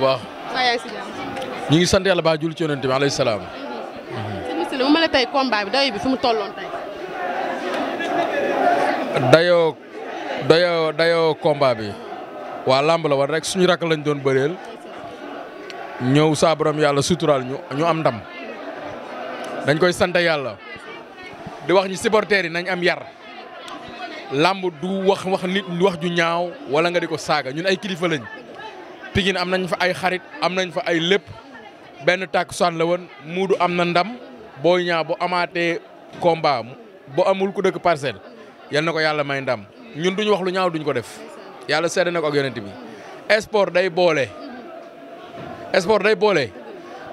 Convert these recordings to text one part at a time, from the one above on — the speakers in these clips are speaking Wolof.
bu ñu ngi sant yàlla baa jul ci salaam. Mm-hmm. sëñ mu mel tey bi dayo mu tolloon dayoo dayoo dayoo combat bi waa làmb la war rek suñu rakk lañ doon bëreel ñëw saa yàlla suturaal ñu ñu am ndam dañ koy sant yàlla di wax ñi supporters yi nañ am yar làmb du wax wax nit wax ju ñaaw wala nga di ko saaga ñun ay kilifa lañ. Pikine am nañ fa ay xarit am nañ fa ay lépp benn tàkkusaan la woon muudu am na ndam boo Niang boo amaatee combat boo amul ku dëkk parcelle yal na ko yàlla may ndam ñun duñ wax lu ñaaw duñ ko def yàlla seede na ko ak yonent bi sport day boole sport day boole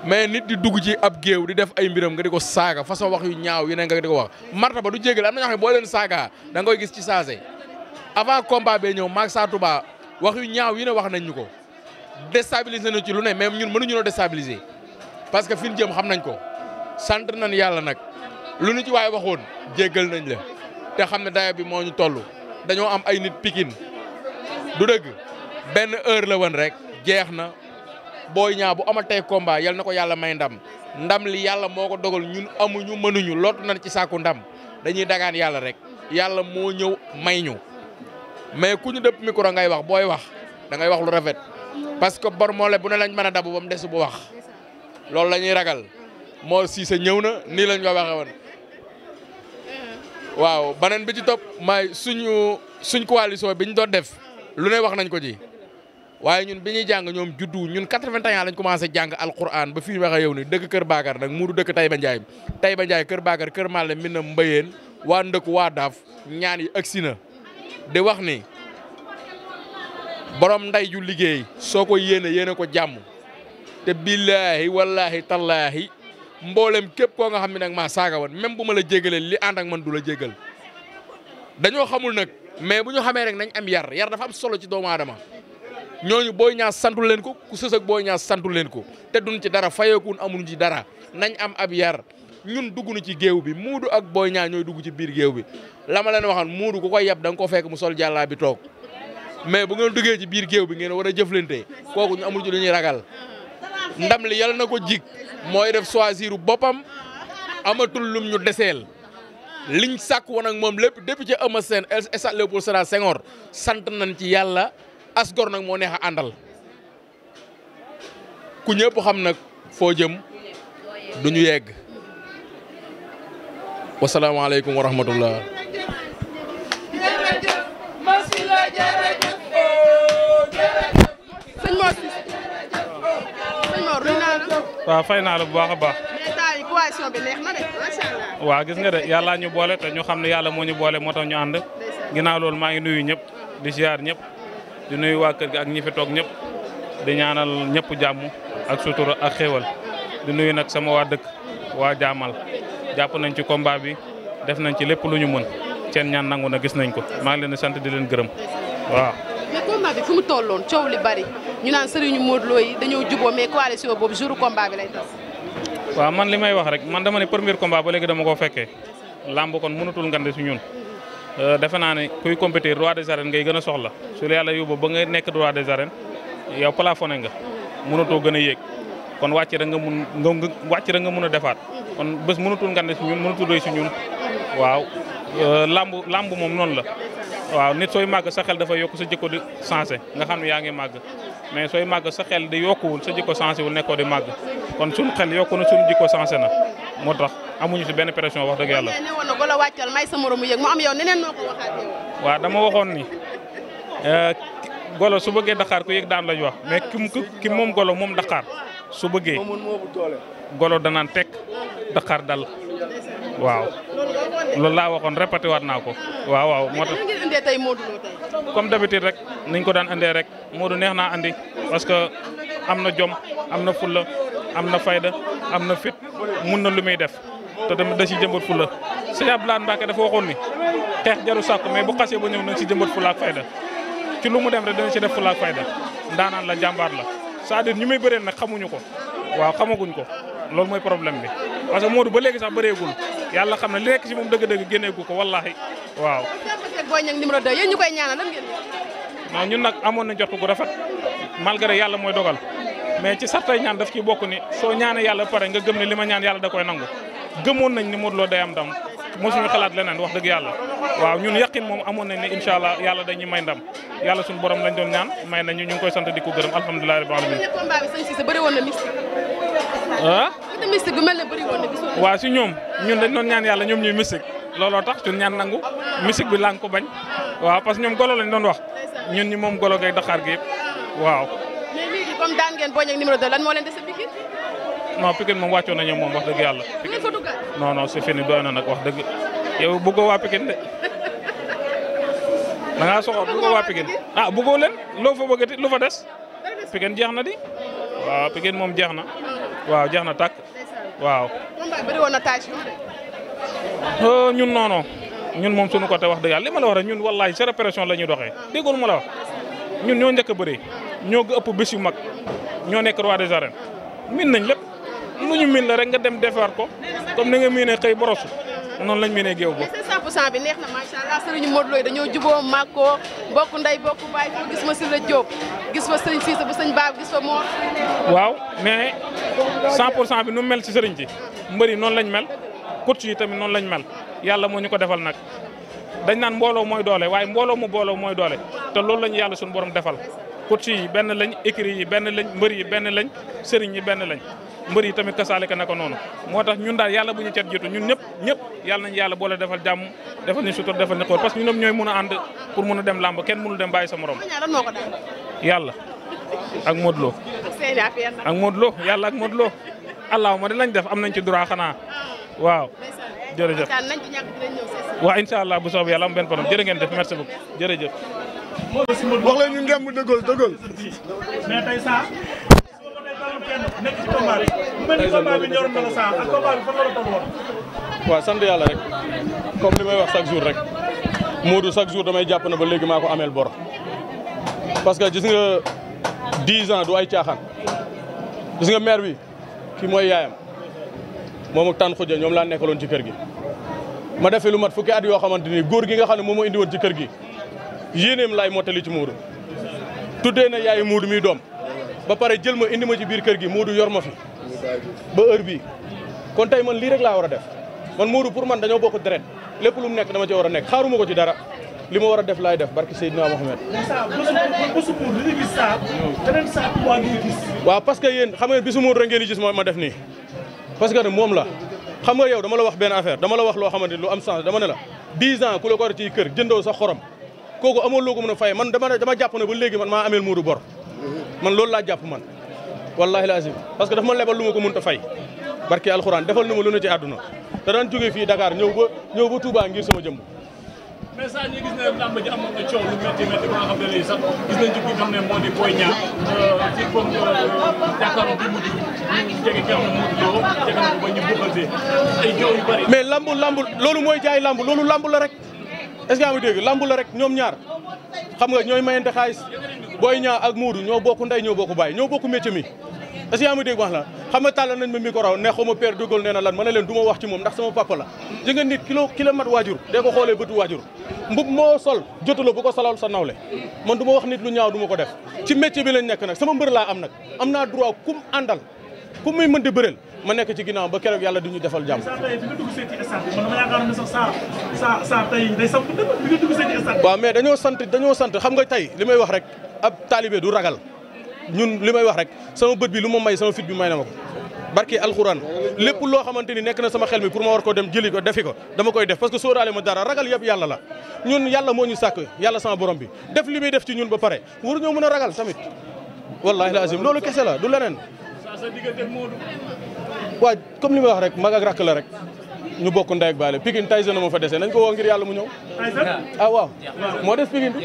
mais nit di dugg ci ab géew di def ay mbiram nga di ko saaga façon wax yu ñaaw yi ne nga di ko wax marta ba du jégal am na ñoo xam ne boo saaga da nga koy gis ci saase avant combat bee ñëw maak Sa Touba wax yu ñaaw yu ne wax nañ ñu ko déstabiliser na ci lu ne mais ñun mënuñu déstabiliser parce que fi ñu jëm xam nañ ko sant nan yàlla nag lu ñu ci waaye waxoon jéggal nañ la te xam ne daya bi moo ñu toll dañoo am ay nit Pikine du dëgg benn heure la woon rek jeex na booy ñaa bu amatee combat yal na ko yàlla may ndam ndam li yàlla moo ko dogal ñun amuñu mënuñu lottu nañ ci sàkku ndam dañuy dagaan yàlla rek yàlla moo ñëw may ñu mais ku ñu dëpp micro ngay wax booy wax da ngay wax lu rafet. parce que bor moo le bu ne lañ mën a dabu ba mu des bu wax loolu la ñuy ragal moo Mor Cissé ñëw na nii lañ ko waxee woon waaw beneen bi ci topp maay suñu suñ coalition bi ñu doon def lu ne wax nañ ko ci waaye ñun bi ñuy jàng ñoom juddu ñun 81 ans lañ commencé jàng alquran ba fii waxee yow ni dëkk Kër Bakar nag mu du dëkk Taïba Ndiaye Taïba Ndiaye Kër Bakar Kër Malle min na Mbayeen waa Ndëkku waa Daaf ñaan yi agsi na di wax ni borom nday ju liggéey soo ko yéene yéene ko jàmm te billaahi wallaahi tallaahi mboolem képp koo nga xam ne nag maa saaga woon même bu ma la jégalee li ànd ak man du la jégal dañoo xamul nag mais bu ñu xamee rek nañ am yar yar dafa solo ci doomu aadama ñooñu booy ñaa santu leen ko ku sës ak booy ñaas santu leen ko te duñ ci dara fayeekuun amuñ ci dara nañ am ab yar ñun dugg nu ci géew bi muudu ak booy ñaa ñooy dugg ci biir géew bi la ma leen wax muudu ku koy yab da nga ko fekk mu sol jàllaa bi toog mais bu ngeen duggee ci biir géew bi ngeen war a jëflante kooku ñu amul ci lu ñuy ragal ndam li yàlla na ko jig mooy def choisir boppam amatul lum ñu deseel liñ sàkk woon ak moom lépp depuis ci Eumeu Sène stade Léopold Sédar sant nañ ci yàlla asgor nag moo neex a àndal ku ñëpp xam nag foo jëm ñu yegg wasalaamaaleykum wa rahmatullah waa fay naa la bu baax a baax. waaw gis nga de yàlla ñu boole te ñu xam ne yàlla moo ñu boole moo tax ñu ànd. ginnaaw maa ngi nuyu ñëpp di ziar ñëpp di nuyu waa kër gi ak ñi fi toog ñëpp di ñaanal ñëpp jàmm ak sutura ak xéewal di nuyu nag sama waa dëkk waa jaamal jàpp nañ ci combat bi def nañ ci lépp lu ñu mën seen ñaan nangu na gis nañ ko maa ngi leen sant di leen gërëm waaw. mais combat bi fu mu tolloon coow li bari ñu naan sëriñu Modou Lo yi dañoo juboo mais coalition boobu jour combat bi lay tas. waaw man li may wax rek man dama ne premier combat ba léegi dama koo fekkee làmb kon mënatul ngande si ñun. Euh, defe naa ne kuy compétir roi des arènes ngay gën a soxla su la yàlla yóbbu ba nga nekk roi des arènes yow plafonné nga mënatoo gën a yéeg kon wàcc rek nga mun nga wàcc rek mun a defaat kon bés mënatul ngande si ñun mënatul doy si ñun waaw euh, làmb làmb moom noonu la. waaw nit sooy màgg sa xel dafa yokk sa jikko di sensé nga xam ne yaa ngi màgg mais sooy màgg sa xel di yokkuwul sa jikko sensé wul nekkoo di màgg kon suñu xel yokku na suñu jikko sensé na moo tax amuñu si benn pression wax dëgg yàlla. waaw dama waxoon ni euh, golo su bëggee daqaar ku yëg daan lañu wax mais ki ki moom golo moom daqaar su bëggee golo danaan tekk daqaar dal waaw. loolu laa waxoon répété waat naa ko waaw waaw. moo tax ngeen indee tey Modou Lo tey. comme rek niñ ko daan indee rek Modou neex naa andi parce que am na jom am na fulla am na fayda am na fit mun na lu muy def te tamit da ci jëmbat fulla sëñ Abdoulaye Mbacke dafa waxoon ni xeex jaru sàkku mais bu xasee ba ñëw nañ ci jëmbat fulla ak fayda ci lu mu dem rek dana ci def fulla ak fayda ndaanaan la jàmbaar la cest ñu muy bëreel nag xamuñu ko waaw xamaguñ ko loolu mooy problème bi parce que Modou ba léegi sax bëreegul yàlla xam ne li nekk ci moom dëgg-dëgg génneegu ko wallaahi waaw. booy ñang numéro 2 yéen ñu ñun nag amoon na jot gu rafet malgré yàlla mooy dogal mais ci sartay ñaan daf ci bokk ni soo ñaanee yàlla pare nga gëm ne li ma ñaan yàlla da koy nangu gëmoon nañ ni Modou Lo day am ndam mosuñu xalaat leneen wax dëgg yàlla waaw ñun yaqin moom amoon nañ ne incha allah yàlla dañuy may ndam yàlla suñu borom lañ doon ñaan may nañu ñu koy sant di ko gërëm alhamdulilah rabbil alamin. waaw si ñoom. ñun dañ doon ñaan yàlla ñoom ñuy musique looloo tax ñun ñaan nangu musique bi laa ko bañ waaw parce que ñoom golo lañ doon wax ñun ñi moom golo gay doxaar gi yëpp waaw. mais léegi comme daan ngeen Boy Niang numéro moo leen dese Pikine. non Pikine moom wàccoon na moom wax dëgg yàlla. Pikine non non c'est fini doy na nag wax dëgg yow bëggoo waa Pikine de. da ngaa soxor bëggoo waa Pikine ah bëggoo leen loo fa bëggati lu fa des. Pikine jeex na di waaw Pikine moom jeex na ah. waaw jeex na tàkk. waaw. combat bëri woon na tension euh, ñun noonu ñun moom suñu côté wax dëgg yàlla ma la wax rek ñun wallaahi zéro pression la ñuy doxee déggul ma la wax ñun ñoo njëkk a bëri ñoo ëpp bés yu mag ñoo nekk roi des arènes min nañ lépp lu ñu min la rek nga dem defar ko comme ni nga miinee xëy borosu. noonu lañ mënee géew boobu. mais seen 100% bi neex na macha allah sëriñu Modou Lo dañoo juboo màggoo bokk ndey bokk baay foo gis ma si la Diop gis fa sëriñ Cissé bu sëñ Baab gis fa Mor. waaw pour 100% bi nu mel si sëriñ ci mbër yi noonu lañ mel coach yi tamit noonu lañ mel yàlla moo ñu ko defal nag dañ naan mbooloo mooy doole waaye mbooloo mu booloo mooy doole te loolu lañu yàlla suñu borom defal. coach yi benn lañ écrit yi benn lañ mbër yi benn lañ sëriñ yi benn lañ mbër yi tamit kasaale ka naka noonu moo tax ñun daal yàlla bu ñu cet jiitu ñun ñëpp ñëpp yàlla nañ yàlla boole defal jàmm defal ñu sutur defal ñu xool parce que ñun ñooy mun a ànd pour mun a dem làmb kenn mënul dem bàyyi sa morom yàlla ak Modou Lo ak Modou yàlla ak Modou Lo allahuma di lañ def am nañ ci droit xanaa ah. waaw jërëjëf waaw incha allah bu soob yàlla am benn problème jërë ngeen def merci beaucoup jërëjëf wax leen ñu ngemb dëggal dëggal. mais tey saa. soo ko sant yàlla rek comme li may wax chaque jour rek Modou chaque jour damay jàpp na ba léegi maa ko ameel bor parce que gis nga dix ans du ay caaxaan gis nga maire bi ki mooy yaayam moom ak tànn xujja ñoom laa nekkaloon ci kër gi. ma def fi lu mat fukki at yoo xamante ni góor gi nga xam ne moom moo indi ci kër gi. yéeneem laay mottali ci Moodu tuddee yaay yaayu Moodu doom ba pare jël ma indi ma ci biir kër gi Moodu yor ma fi ba heure bii kon tey man lii rek laa war a def man Moodu pour man dañoo bokk deret lépp lu mu nekk dama ci war a nekk xaaruma ko ci dara li ma war a def laay def barki Seydina Mohamed. waaw parce que yéen xam ngeen bisu Moodu rek ngeen di ma def nii parce que moom la xam nga yow dama la wax benn affaire dama la wax loo xamante ni lu am sens dama ne la 10 ans ku la ko war ci kër sa xorom. kooku amoo loo ko mën a fay man dama dama jàpp ne ba léegi man maa ameel Modou bor man loolu laa jàpp man wallahi lazim parce que dafa ma lebal lu ma ko mënta fay barke alxuraan defal na ma lu ne ci àdduna da daan jógee fii Dakar ñëw ba ñëw ba Touba ngir sama jëmm mais saa ñi gis ne am na coow lu métti métti ba nga loolu mooy jaay lamb loolu lamb la rek est-ce que yaa lambu la rek ñoom ñaar xam nga ñooy mayante xaalis booy ñaa ak muudu ñoo bokku ndey ñoo bokku baay ñoo bokku métier mi est-ce que yaa ngi wax la xam na tàllal nañ ma micro ne xaw ma père dugal nee na lan ma ne leen du ma wax ci moom ndax sama papa la ji nga nit kilo kilo mat waajur dee ko xoolee bëtu waajur mbub moo sol jotuloo bu ko solal sa nawle man du ma wax nit lu ñaaw du ma ko def ci métier bi lañ nekk nag sama mbër laa am nag am naa droit kum àndal ku muy mën di bëreel ma nekk ci ginnaaw ba keroog yàlla du ñu defal jàmm. waaw mais dañoo sant dañoo sant xam nga tey li may wax rek ab taalibe du ragal ñun li may wax rek sama bët bi lu ma may sama fit bi may na ma ko. barke alxuraan lépp loo xamante ni nekk na sama xel mi pour ma war koo dem jëli ko defi ko dama koy def parce que sóoraale ma dara ragal yëpp yàlla la ñun yàlla moo ñu sàkk yàlla sama borom bi def li muy def ci ñun ba pare war ñoo mën a ragal tamit wallahi lazim waa comme li ma wax rek mag ak rakk la rek ñu bokk ndey ak baale Pikine Tyson moo fa dese nañ ko woo ngir yàlla mu ñëw. ah moo des Pikine bi.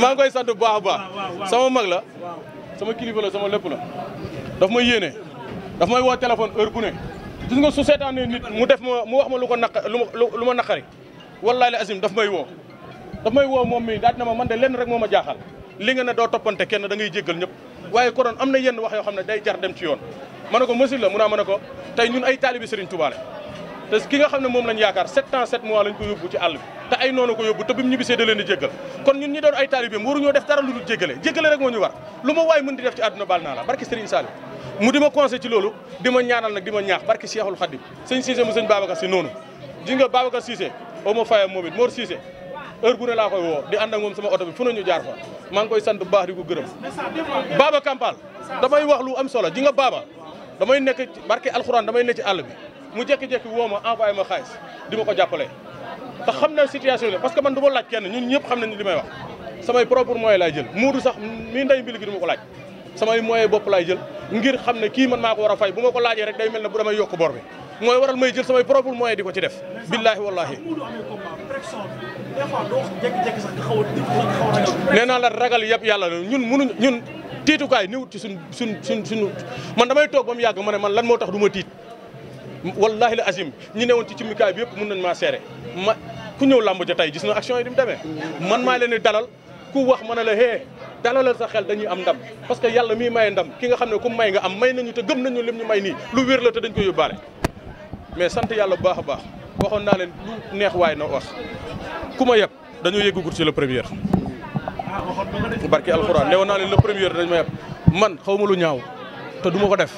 maa ngi koy sant bu baax baax ah, sama mag la sama kilifa sama lépp la daf may yéene daf may woo téléphone heure bu ne gis nga su seetaanee mu def ma mu wax ma lu ko naq lu ma naqari wallaahi la asim daf may woo daf may woo moom mi daal na ma man de lenn rek moo ma jaaxal li nga ne doo toppante kenn da ngay jéggal ñëpp. waaye konoon am na yenn wax yoo xam ne day jar dem ci yoon ma ne mun naa ma ne ñun ay taalibi Serigne Touba la ki nga xam ne moom lañ yaakaar sept ans sept mois lañ ko yóbbu ci àll bi te ay noonu ko yóbbu te bi mu ñibbisee da leen di jéggal kon ñun ñi doon ay taalibeem waruñoo def dara lu jéggale jéggale rek moo ñu war lu ma waay mën di def ci àdduna baal naa la barki Serigne Saliou mu di ma conseil ci loolu di ma ñaanal nag heure bu ne laa koy woo di ànd ak moom sama oto bi fu nañu jaar fa maa koy sant baax di ko gërëm baaba kampal damay wax lu am solo ji nga baaba damay nekk barke alxuraan damay nekk ci àll bi mu jekki jékki woo ma envoyé ma xaalis di ma ko jàppale te xam na situation bi parce que man du ma laaj kenn ñun ñëpp xam nañu li may wax samay propre moyen laay jël muudu sax mi nday mbili gi du ma ko laaj samay moyen bopp laay jël ngir xam ne kii man maa ko war a fay bu ma ko laajee rek day mel ne bu damay yokk bor bi mooy waral may jël samay propre moyen di ko ci def. billaahi wallaahi. nee naa la ragal yëpp yàlla ñun munuñ ñun tiitukaay niwut ci suñ suñ suñ suñ man damay toog ba mu yàgg ma ne man lan moo tax du ma tiit. wallaahi la azim ñi woon ci cimikaay bi yëpp mun nañ maa seere ma ku ñëw làmb ja tey gis na action yi di mu man maa leen di dalal ku wax ma ne la hee dalalal sa xel dañu am ndam parce que yàlla mii may ndam ki nga xam ne ku may nga am may nañu te gëm nañu lim ñu lu wér la te ko yóbbaale mais sant yàlla bu baax a baax waxoon naa leen lu neex waay na wax ku ma yeb dañoo yëggugut ci le premier. barki alxuraan newoon naa leen le premier dañ ma yeb man xaw lu ñaaw te du ma ko def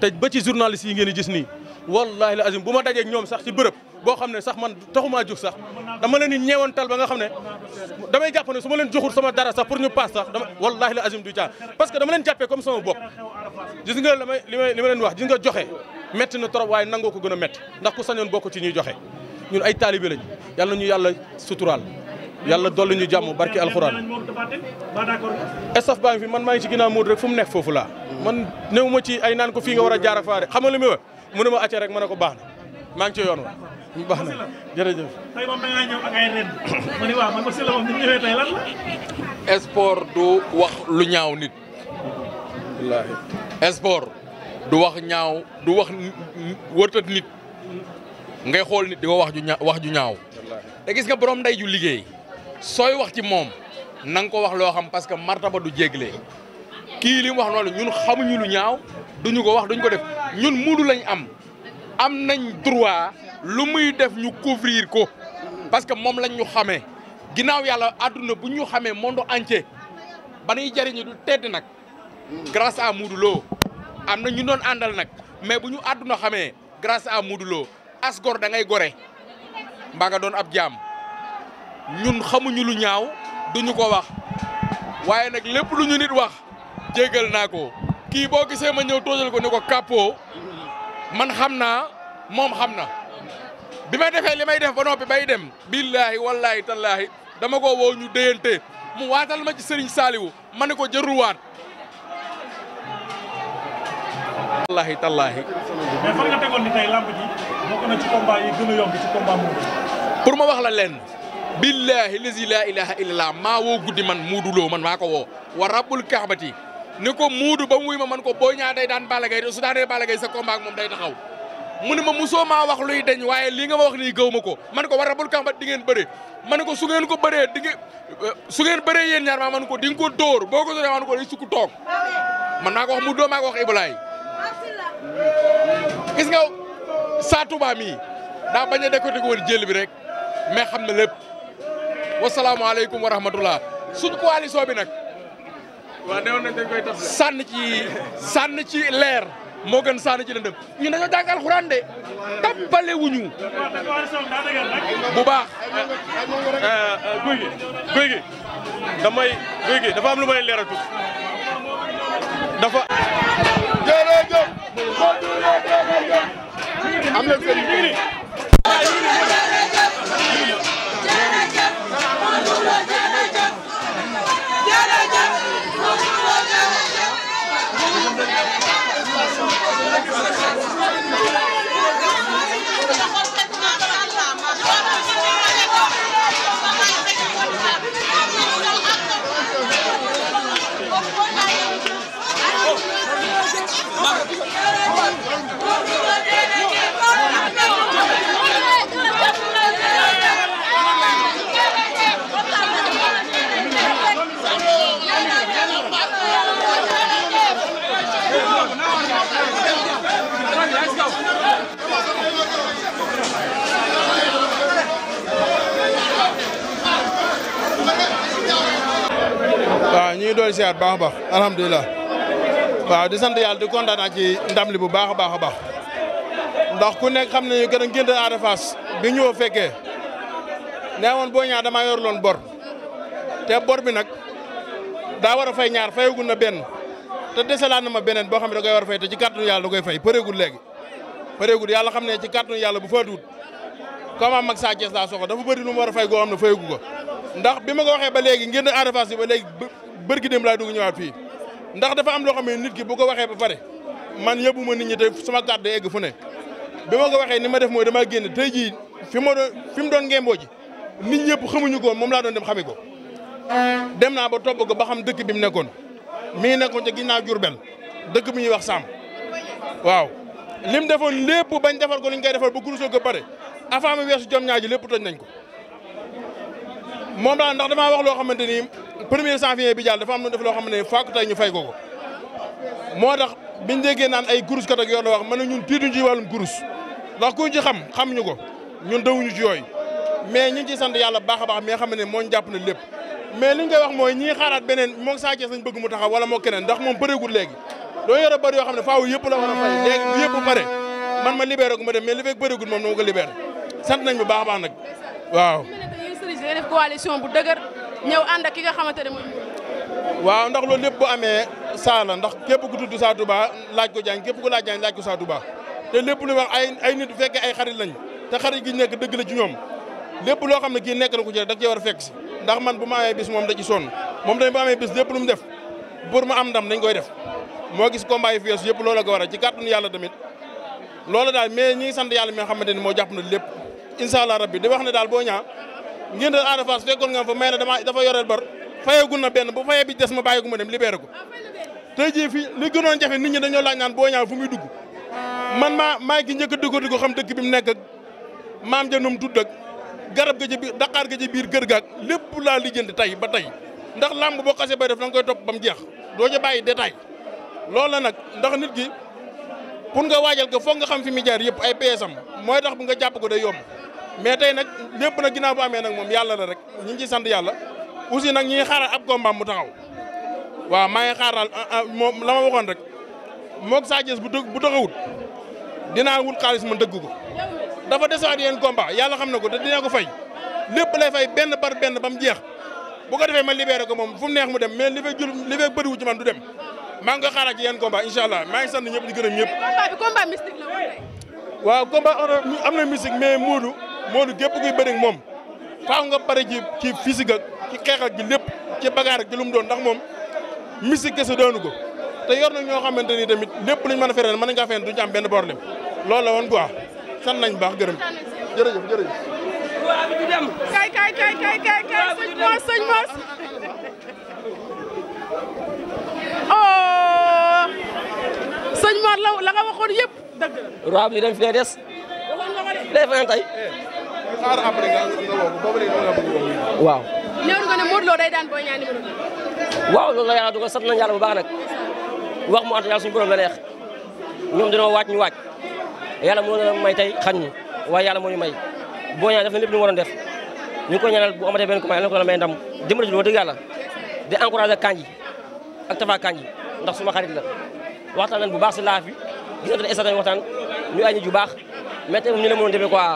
te ba ci journaliste yi ngeen di gis nii wallahi la azim bu ma dajeeg ñoom sax ci bërëb boo xam ne sax man taxumaa jóg sax dama leen di ñeewantal ba nga xam ne damay jàpp ne su ma leen joxul sama dara sax pour ñu paas sax dama wallahi la azim du caa parce que dama leen jàppee comme sama bopp gis li ma leen wax gis nga joxe metti na trop waaye nangoo ko gën a metti ndax ku sañoon bokk ci ñuy joxe ñun ay taalibe lañ yàlla ñu yàlla suturaal yàlla dolli ñu jàmm barki alxuraan. estaf baa ngi fi man maa ngi ci ginnaaw Modou rek fu mu nekk foofu laa. man néew ma ci ay naan ko fii nga war a jaar a xam nga li muy wax mu ne ma acca rek ma ne baax na maa ngi ci yoon wa. baax na jërëjëf. tey moom da ngaa du wax lu ñaaw nit. wallaahi du wax ñaaw du wax wërtat nit ngay xool nit di wax ju ña wax ju ñaaw te gis nga borom ndey ju liggéey sooy wax ci moom na ko wax loo xam parce que ba du jégle kii li wax noonu ñun xamuñu lu ñaaw duñu ko wax duñu ko def ñun muudu lañ am am nañ droit lu muy def ñu couvrir ko parce que moom lañ ñu xamee ginnaaw yàlla àdduna bu ñu xamee monde entier ba nuy jariñu du tedd nag grâce à Modou Lo am na ñu doon àndal nag mais bu ñu àdduna xamee grâce à Modou as gor da ngay gore mbaa nga doon ab jaam ñun xamuñu lu ñaaw duñu ko wax waaye nag lépp lu ñu nit wax jéggal naa ko kii boo gisee ma ñëw toojal ko ne ko kàppoo man xam naa moom xam na bi ma defee li may def ba noppi bay dem billaahi wallaahi tallaahi dama ko woo ñu déyante mu waatal ma ci Serigne Saliou ma ne ko jëruwaat wallaahi tallaahi. mais fan nga tegoon na ma wax la leen. billaahi lazi laa ilaaha illallah maa woo guddi man muudu loo man maa ko woo. wa rabbul kaabati ni ko muudu ba muy ma man ko boo ñaa day daan Balla Gaye su daanee Balla Gaye sa combat ak moom day taxaw. mu ne ma musoo maa wax luy deñ waaye lii nga ma wax nii gëw ma ko man ko war rabul kambat di ngeen bëre man ko su ngeen ko bëree di ngeen eh, su ngeen bëree yéen ñaar maa man ko di ko dóor boo ko dooree man ko day sukk toog man maa ko wax mu dóor maa ko wax Ibulaay gis nga Sa Touba mii daa bañ a décortiquer woon jël bi rek mais xam na lépp wasalaamaaleykum wa rahmatullah suñ coalition bi nag. waaw néew nañ dañ koy tas sànn ci sànn ci leer moo gën sànn ci lëndëm na dañoo jàng alxuraan de tappale wuñu bu baax. guy gi guy gi damay guy gi dafa am lu may leeral tuuti dafa. am na seen Thank you. doon siyaat baax a baax alhamdulilah waaw di sant yàlla di kontaan naa ci ndam li bu baax a baax a baax ndax ku nekk xam nañu gën a gént Ada Fass bi ñëw fekkee nee woon boo ñaar damaa yor loon bor te bor bi nag daa war a fay ñaar fayagul na benn te desalaat na ma beneen boo xam ne da koy war fay te ci kàttanu yàlla da koy fay pareegul léegi pareegul yàlla xam ne ci kàttanu yàlla bu faatuwut comme mag Sa Thiès laa soxla dafa bëri war a fay goo xam ne fayagu ko ndax bërki dem laa dugg ñëwaat fii ndax dafa am loo xam ne nit ki bu ko waxee ba pare man yóbbu ma nit ñi te sama kàddu egg fu ne bi ma ko waxee ni ma def moo damaa génne tey jii fi ma doon fi mu doon ngemboo ji nit ñëpp xamuñu ko moom laa doon dem xami ko dem naa ba topp ko ba xam dëkk bi mu nekkoon mi ngi nekkoon naa ginnaaw Jurbel dëkk bi ñuy wax Saam waaw li defoon lépp bañ defar ko li ñu koy defar ba kurusoo ko pare avant mu weesu jom ñaaji lépp toj nañ ko moom laa ndax damaa wax loo xamante ni premier janvier bi jàll dafa am lu def loo ne fàkk tey fay ko moo tax biñ naan ay gurus kat ak yoon la wax man ñun tiituñ ci wàllum gurus ndax kuñ ci xam xam ñu ko ñun dawuñu ci yooyu mais ñu ngi ciy sant yàlla baax a baax mais xam ne mooñ jàpp na lépp mais li ñu koy wax mooy ñii xaaraat beneen moom Sa Thiès lañ bëgg mu taxaw wala moo keneen ndax moom bëreegul léegi doo yore bëri yoo xam ne faaw yëpp la war a fay léegi bu yëpp pare man ma libéré ko ma dem mais li fekk bëreegul moom ko libéré sant nañ bu baax baax nag waaw ñëw ànd ak ki nga xamante ne mooy. waaw ndax loolu lépp bu amee saala ndax képp ku tudd Sa Touba laaj ko jàng képp ku laaj jàng laaj ko Sa Touba te lépp lu wax ay ay nit fekkee ay xarit lañ te xarit gi nekk dëgg la ci ñoom lépp loo xam ne kii nekk na ko ci rek da cee war a fekk ndax man bu ma amee bis moom da ci sonn moom tamit bu amee bis lépp lu mu def pour mu am ndam dañ koy def moo gis combat yi fiees yëpp loola ko war a ci kàttanu yàlla tamit loolu daal mais ñi ngi sant yàlla mi nga xamante ni moo jàpp na lépp incha allah rabbi di wax ne daal boo ñaa ngëndal Ada Fass fekkoon nga fa may na dafa yoreel bor fayeegun na benn bu fayee bi des ma bàyyi gu ma dem libéré ko ah, te jii fii li gënoon jafe nit ñi dañoo laaj naan boo ñaaw fu muy dugg man maa maa ngi njëkk a dugg di ko xam dëkk bi mu nekk ak maam ja num tudd ak garab ga ci biir daqaar gi ci biir kër gaak lépp laa lijjanti tey ba tey ndax lamb boo xasee bay def da koy topp ba mu jeex doo ca bàyyi détail loolu la nag ndax nit gi pour nga waajal ko foog nga xam fi mu yëpp ay peesam mooy tax bu nga jàpp ko day yomb mais tey nag lépp nag ginnaaw bu amee nag moom yàlla la rek ñu ngi ciy sant yàlla aussi nag ñi ngi xaaral ab combat mu taxaw waaw maa ngi xaaral ah, ah, moom la ma waxoon rek moog Sa Thiès bu bu taxawut dinaa wut xaalis man dëgg ko dafa desaat yéen combat yàlla xam na ko te dina ko fay lépp lay fay benn par benn ba mu jeex bu ko defee ma libéré ko moom fu mu neex mu dem mais li fay jël li fay bëriwu ci man du dem maa ngi koy xaaral ci yéen combat incha allah maa ngi sant ñëpp di gërëm ñëpp. combat bi combat Modou gépp kuy bëri moom faaw nga pare ci ci physique ak ci xeex ak ji lépp ci bagaar ak ji lu doon ndax moom mystique kese doonu ko te yor na ñoo xamante ni tamit lépp luñ mën a feree mën nañ kaa fenn duñ ci am benn problème loolu la woon quoi sant nañ baax gërëm jërëjëf jërëjëf. kay kay kay kay kay kay sëñ Mos sëñ Mos. Oh! Mor la la nga waxoon yëpp dëgg la. roi bi dañ fi nga ko xaar après nga boobu léegi nga bëgg a waaw. néew nga ne Modou Lo day daan Boy Niang numéro waaw loolu bu baax nag wax mu anta yàlla suñu borom la neex ñoom dañoo waaj ñu waaj yàlla moo leen may tey xañ ñu waaye yàlla moo ñu may Boy Niang def na lépp lu mu waroon def ñu ngi koy ñaanal bu amatee benn combat yàlla na ko yàlla may ndam dimbali ci lu ma dëgg yàlla ak Tafa Kandji ndax suma xarit la waxtaan nañ bu baax si laaf bi gis nañ ne waxtaan ñu ay nit yu baax mais tey moom ñu la mënoon demee quoi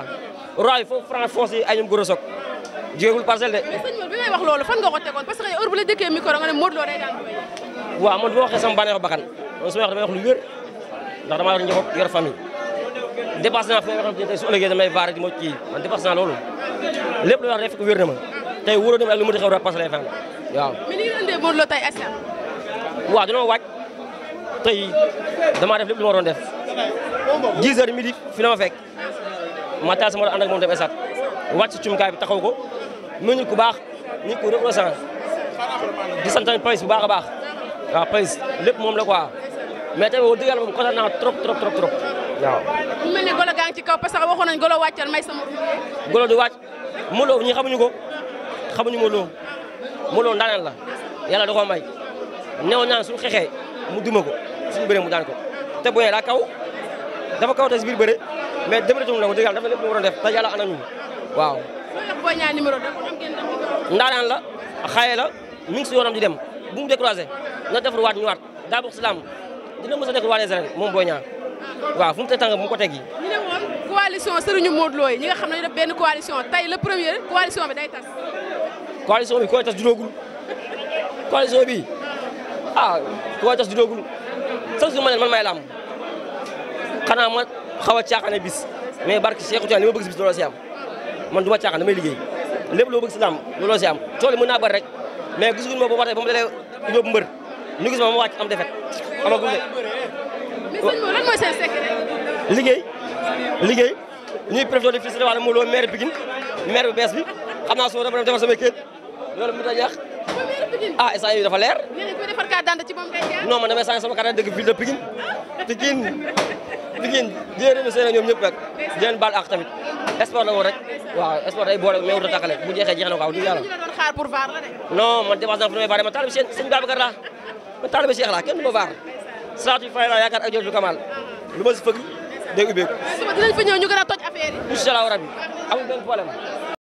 roy foofu France foos yi añum gros soog jógeegul parcelle de. mais sëñ bi bi may wax loolu fan nga ko tegoon parce que heure bu la dëkkee micro nga ne Modou Lo day daan Boy. waaw wax damay wax lu wér ndax damaa yor njaboot yor famille dépassé naa fi nga xam ne tey su ëllëgee damay vaare di ma kii man dépassé naa loolu lépp lu wax rek wér na ma tey wóoroo na lu mu di xew rek parcelle fan waaw. ma waaj tey damaa def lépp lu ma waroon def 10 heures midi fi matal sama doon ànd ak moom dem esat wàcc cumukaay bi taxaw ko mu nit ku baax nit ku reconnaissant di sant Payz bu baax a baax waaw Payz lépp moom la quoi mais tamit wax dëgg yàlla moom kontaan naa trop trop trop trop waaw. mu mel ne golo gaa ci kaw parce que waxoon nañu golo wàccal may sama. golo du wàcc Modou Lo ñi xamuñu ko xamuñu Modou Lo Modou Lo la yàlla da koo may néew naa suñu xeexee mu duma ko suñu bëree mu daan ko te bu daa kaw. dafa kaw tey si biir bëre mais dem na ci moom nag dëgg dafa lépp lu waroon def te yàlla ana ñu waaw. ndaanaan la xaye la mi ngi si yoonam di dem bu mu décroisé na defarwaat ñëwaat daa bokk si laam dina mos a nekk waa les arènes moom Boy Niang ah. waaw fu mu teg tànk ko teg yi ñu ne woon coalition sëriñu Modou Lo yi xam ne dañu benn coalition tey le premier coalition bi day tas. coalition bi koy tas judoogul bi ah koy tas judoogul sax su ma ne man maay xanaa ma xaw a caaxaane bis mais barke Cheikh Tidiane li ma bëgg si bis looloo si am man du ma caaxaan damay liggéey lépp loo bëgg si laam looloo si am tool naa bëri rek mais gisuñu ma ba ma ba mu dalee yóbbu mbër ñu gis ma ma wàcc am defet amagul de lan liggéey liggéey ñuy préféré di fils wala mu loo maire Pikine maire bu bees bi xam naa su ma dem defar sama kër mu ta yàq ah instant yii dafa leer. nga ne ko defar carte d'identité ci moom ngay jaar. non man damay changé sama carte Pikine di leen remercier nag ñoom ñëpp rek di baal ak tamit sport la woon rek waaw sport ay boole mais wut a tàqale bu jeexee jeex na waaw du yàlla non man dépense naa fu may baare man taalibe seen sëñ Babacar laa man taalibe Cheikh laa kenn du ma baar salaatu fay la yaakaar ak jot du kamal uh-huh. lu ma si fëgg dégg suba dinañ fa ñëw ñu gën a toj affaire yi incha benn problème